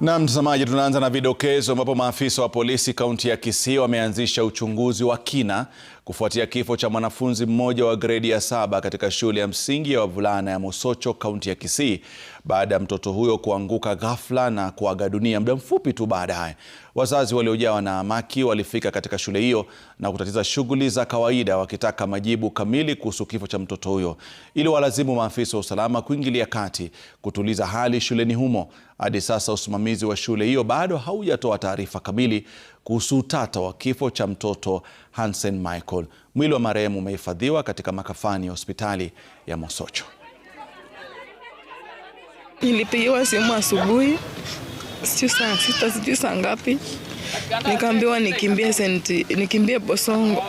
Na mtazamaji, tunaanza na vidokezo ambapo maafisa wa polisi kaunti ya Kisii wameanzisha uchunguzi wa kina kufuatia kifo cha mwanafunzi mmoja wa gredi ya saba katika shule ya msingi ya wavulana ya Mosocho kaunti ya Kisii baada ya mtoto huyo kuanguka ghafla na kuaga dunia muda mfupi tu baadaye. Wazazi waliojawa na amaki walifika katika shule hiyo na kutatiza shughuli za kawaida wakitaka majibu kamili kuhusu kifo cha mtoto huyo. Ili walazimu maafisa wa usalama kuingilia kati kutuliza hali shuleni humo. Hadi sasa usimamizi usimamizi wa shule hiyo bado haujatoa taarifa kamili kuhusu utata wa kifo cha mtoto Hansen Michael. Mwili wa marehemu umehifadhiwa katika makafani ya hospitali ya Mosocho. Nilipigiwa simu asubuhi, sijui saa sita, sijui saa ngapi, nikaambiwa nikimbie senti, nikimbie Bosongo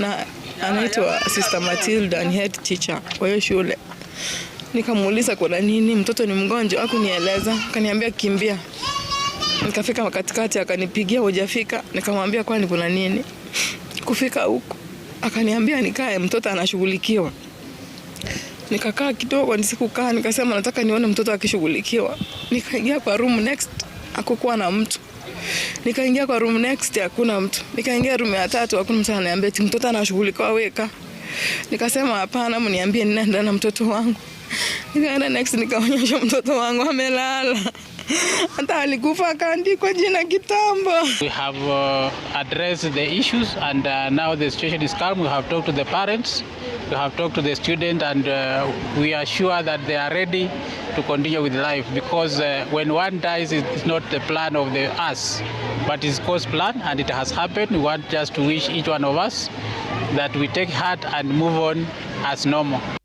na anaitwa Sister Matilda, ni head teacher kwa hiyo shule Nikamuuliza kuna nini, mtoto ni mgonjwa? Hakunieleza, akaniambia kimbia. Nikafika katikati, akanipigia hujafika. Nikamwambia kwani kuna nini? Kufika huko akaniambia nikae, mtoto anashughulikiwa. Nikakaa kidogo, nisikukaa, nikasema nataka nione mtoto akishughulikiwa. Nikaingia kwa room next, hakukuwa na mtu. Nikaingia kwa room next, hakuna mtu. Nikaingia room ya tatu, hakuna mtu. Ananiambia mtoto anashughulikiwa, weka. Nikasema hapana, mniambie ninaenda na mtoto wangu. Nikaenda next nikaonyesha mtoto wangu amelala. Hata alikufa akaandikwa jina kitambo. We have uh, addressed the issues and uh, now the situation is calm. We have talked to the parents, we have talked to the student and uh, we are sure that they are ready to continue with life because uh, when one dies it's not the plan of the us but it's course plan and it has happened. We want just to wish each one of us that we take heart and move on as normal.